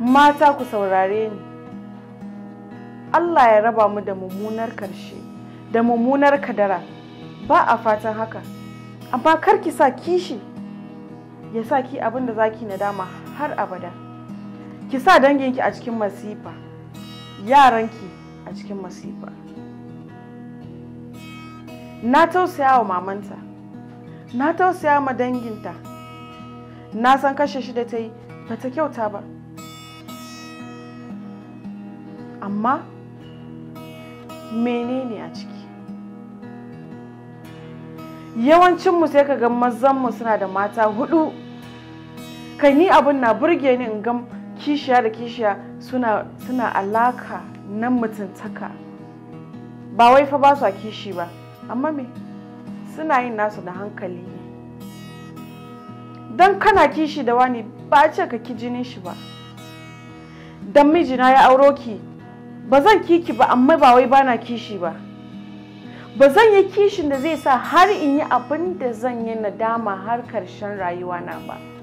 mata ku saurare ni Allah ya raba mu da mummunar karshe da mummunar kadara ba a fatan haka amma kar ki sa kishi ya sa ki abin da zaki nadama har abada ki sa danginki a cikin masifa yaranki a cikin masifa na tausaya wa mamanta na tausaya ma danginta na san kashe shi da ta yi ba ta kyauta ba amma menene a ciki yawancinmu sai ka ga mazanmu suna da mata hudu kai ni abin na burge ni in ga kishiya da kishiya suna, suna alaka na mutuntaka ba wai fa ba su a kishi ba amma me suna yin nasu da hankali ne don kana kishi da wani ba ce ka ki jinin shi ba don mijina ya auro ki ba zan kiki ba amma ba wai bana kishi ba ba zan yi kishin da zai sa har in yi abin da zan yi nadama har karshen rayuwa na ba.